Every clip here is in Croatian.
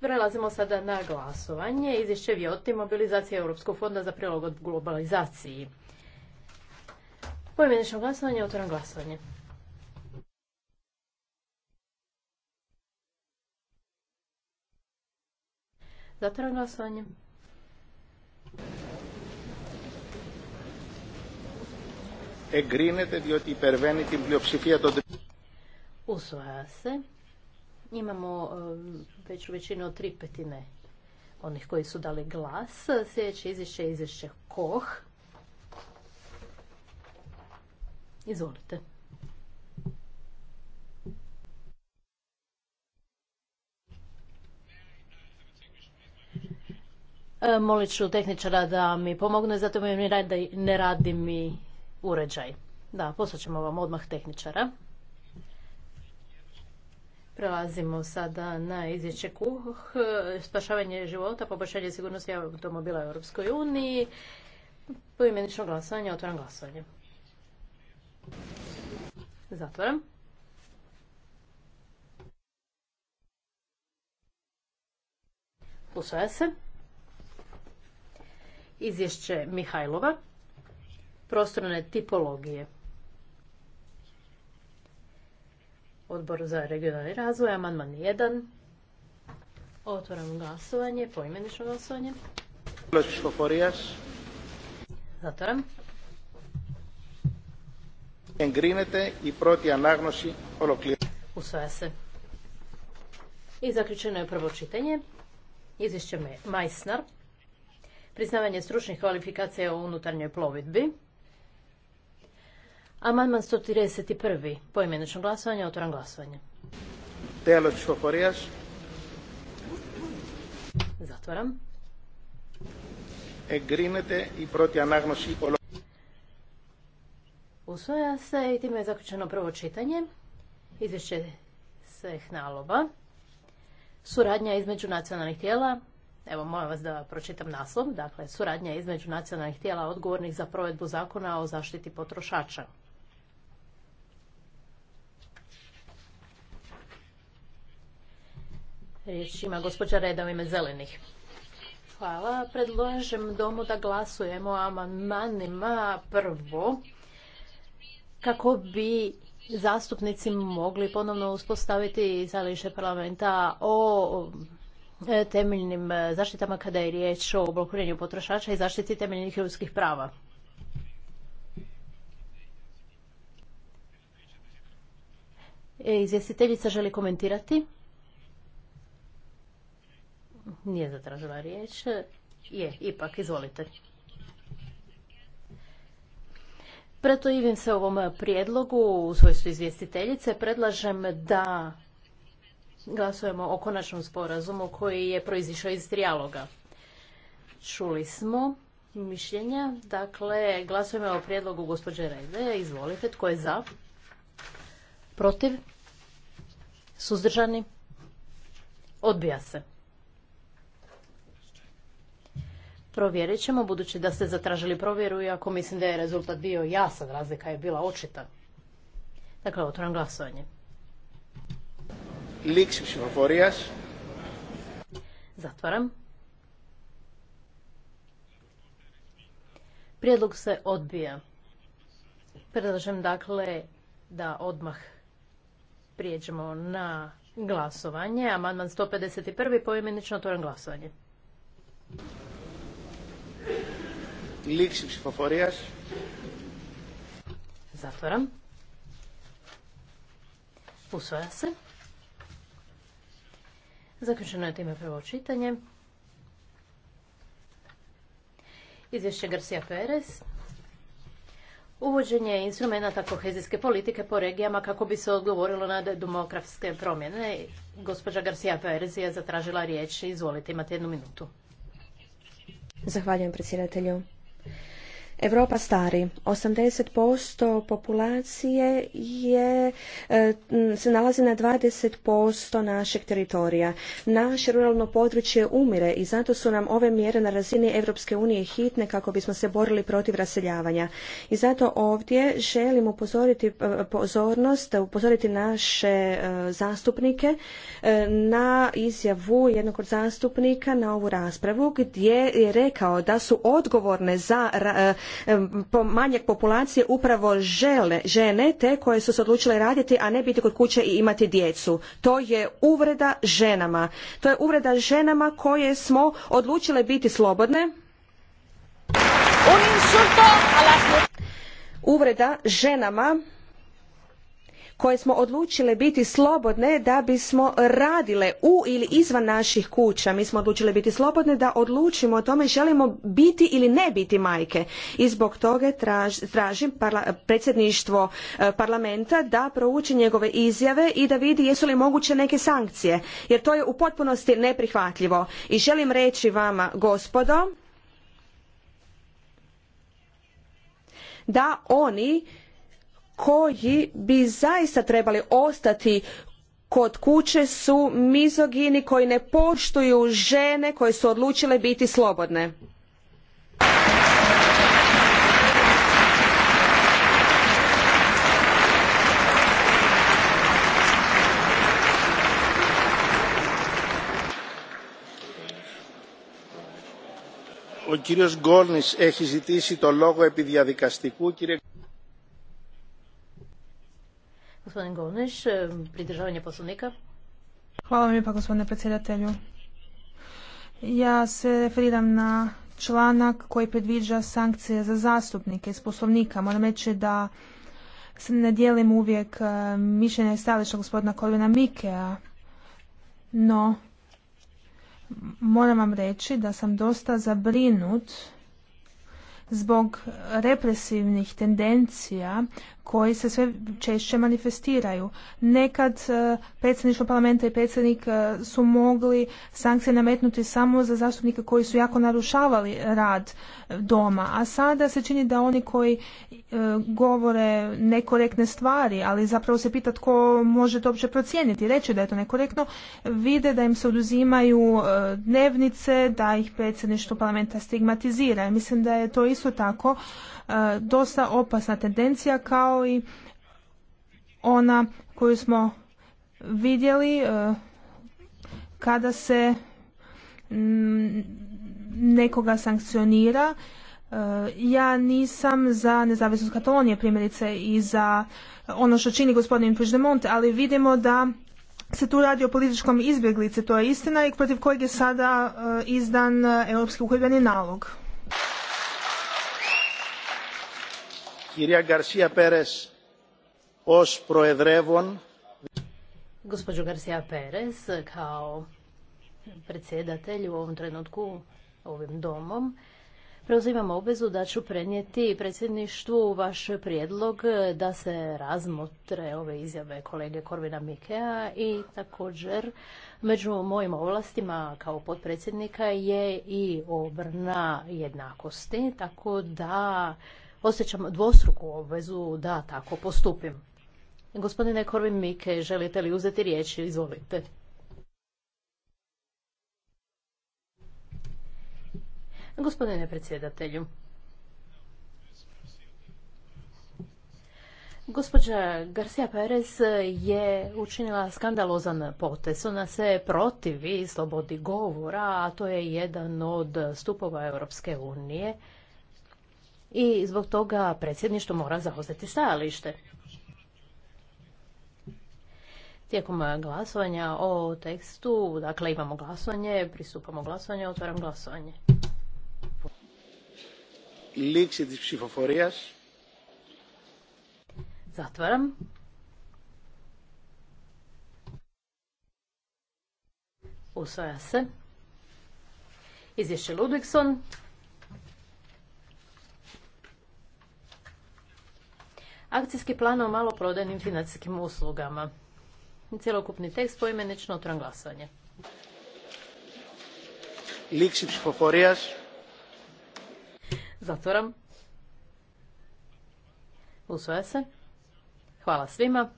Prelazimo sada na glasovanje. Izvješće Vjoti, mobilizacija Europskog fonda za prilog globalizaciji. Pojmenično glasovanje, otvoram glasovanje. Zatvoram glasovanje. Εγκρίνεται διότι Usvaja se Imamo e, veću većinu od tri petine onih koji su dali glas. Sljedeće izvješće je izvješće KOH. Izvolite. E, molit ću tehničara da mi pomogne, zato mi ne radi mi uređaj. Da, poslat ćemo vam odmah tehničara. Prelazimo sada na izvješće KUH, spašavanje života, poboljšanje sigurnosti automobila u Europskoj uniji. Poimenično glasovanje, otvaram glasovanje. Zatvaram. Usvaja se. Izvješće Mihajlova. Prostorne tipologije. Odbor za regionalni razvoj, amandman 1. Otvaram glasovanje, poimenično glasovanje. Zatvoram. Engrinete i proti anagnosi Usvaja se. I zaključeno je prvo čitanje. Izvješće Majsnar. Priznavanje stručnih kvalifikacija u unutarnjoj plovidbi. Amandman 131. Poimenično glasovanje, otvoram glasovanje. Telo Čukorijaš. Zatvoram. Egrinete i proti anagnosi Usvaja se i time je zaključeno prvo čitanje. Izvješće se hnalova. Suradnja između nacionalnih tijela. Evo, molim vas da pročitam naslov. Dakle, suradnja između nacionalnih tijela odgovornih za provedbu zakona o zaštiti potrošača. Riječ ima gospođa Reda u ime zelenih. Hvala. Predložem domu da glasujemo o amandmanima prvo kako bi zastupnici mogli ponovno uspostaviti stajalište parlamenta o e, temeljnim zaštitama kada je riječ o blokiranju potrošača i zaštiti temeljnih ljudskih prava. E, izvjestiteljica želi komentirati. Nije zatražila riječ. Je, ipak, izvolite. Pretojivim se ovom prijedlogu u svojstvu izvjestiteljice. Predlažem da glasujemo o konačnom sporazumu koji je proizišao iz trijaloga. Čuli smo mišljenja. Dakle, glasujemo o prijedlogu gospođe Reze. Izvolite, tko je za? Protiv? Suzdržani? Odbija se. Provjerit ćemo, budući da ste zatražili provjeru, iako mislim da je rezultat bio jasan, razlika je bila očita. Dakle, otvoram glasovanje. Zatvaram. Prijedlog se odbija. Predlažem dakle da odmah prijeđemo na glasovanje. Amandman 151. poimenično otvoram glasovanje λήξη ψηφοφορίας. Zatvaram. Usvaja se. Zaključeno je time prvo čitanje. Izvješće Garcia Perez. Uvođenje instrumenta kohezijske politike po regijama kako bi se odgovorilo na demografske promjene. Gospođa Garcia Perez je zatražila riječ. Izvolite, imate jednu minutu. Zahvaljujem predsjedatelju. Hvala Europa stari. 80% populacije je, e, se nalazi na 20% našeg teritorija. Naše ruralno područje umire i zato su nam ove mjere na razini Europske unije hitne kako bismo se borili protiv raseljavanja. I zato ovdje želim upozoriti e, pozornost, upozoriti naše e, zastupnike na izjavu jednog od zastupnika na ovu raspravu gdje je rekao da su odgovorne za manjak populacije upravo žele žene te koje su se odlučile raditi a ne biti kod kuće i imati djecu to je uvreda ženama to je uvreda ženama koje smo odlučile biti slobodne uvreda ženama koje smo odlučile biti slobodne da bismo radile u ili izvan naših kuća. Mi smo odlučile biti slobodne da odlučimo o tome želimo biti ili ne biti majke. I zbog toga tražim predsjedništvo e, parlamenta da prouči njegove izjave i da vidi jesu li moguće neke sankcije. Jer to je u potpunosti neprihvatljivo. I želim reći vama gospodo da oni koji bi zaista trebali ostati kod kuće su mizogini koji ne poštuju žene koje su odlučile biti slobodne. O Gornis, έχει to logo epi Gospodin Govniš, e, pridržavanje poslovnika. Hvala vam lijepa gospodine predsjedatelju. Ja se referiram na članak koji predviđa sankcije za zastupnike iz poslovnika. Moram reći da se ne dijelim uvijek e, mišljenja i stališta gospodina Korvina Mikea, no moram vam reći da sam dosta zabrinut zbog represivnih tendencija koji se sve češće manifestiraju. Nekad e, predsjedništvo parlamenta i predsjednik e, su mogli sankcije nametnuti samo za zastupnike koji su jako narušavali rad e, doma, a sada se čini da oni koji govore nekorektne stvari, ali zapravo se pita tko može to uopće procijeniti, reći da je to nekorektno, vide da im se oduzimaju dnevnice, da ih predsjedništvo parlamenta stigmatizira. Mislim da je to isto isto tako e, dosta opasna tendencija kao i ona koju smo vidjeli e, kada se mm, nekoga sankcionira. E, ja nisam za nezavisnost Katalonije primjerice i za ono što čini gospodin Puigdemont, ali vidimo da se tu radi o političkom izbjeglice to je istina i protiv kojeg je sada izdan europski uhljebeni nalog. Gospođo Garcia Perez, kao predsjedatelj u ovom trenutku ovim domom, preuzimam obvezu da ću prenijeti predsjedništvu vaš prijedlog da se razmotre ove izjave kolege Korvina Mikea i također među mojim ovlastima kao potpredsjednika je i obrna jednakosti, tako da osjećam dvostruku obvezu da tako postupim. Gospodine Korvin Mike, želite li uzeti riječ? Izvolite. Gospodine predsjedatelju, Gospođa Garcia Perez je učinila skandalozan potez. Ona se protivi slobodi govora, a to je jedan od stupova Europske unije i zbog toga predsjedništvo mora zauzeti stajalište. Tijekom glasovanja o tekstu, dakle imamo glasovanje, pristupamo glasovanje, otvaram glasovanje. Liči Zatvaram. Usvaja se. Izvješće Ludvigson. akcijski plan o maloprodajnim financijskim uslugama. Cjelokupni tekst poimenično otran glasovanje. Liksi Zatvoram. Usvaja se. Hvala svima.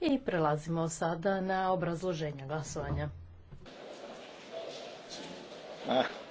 I prelazimo sada na obrazloženje glasovanja. Ah.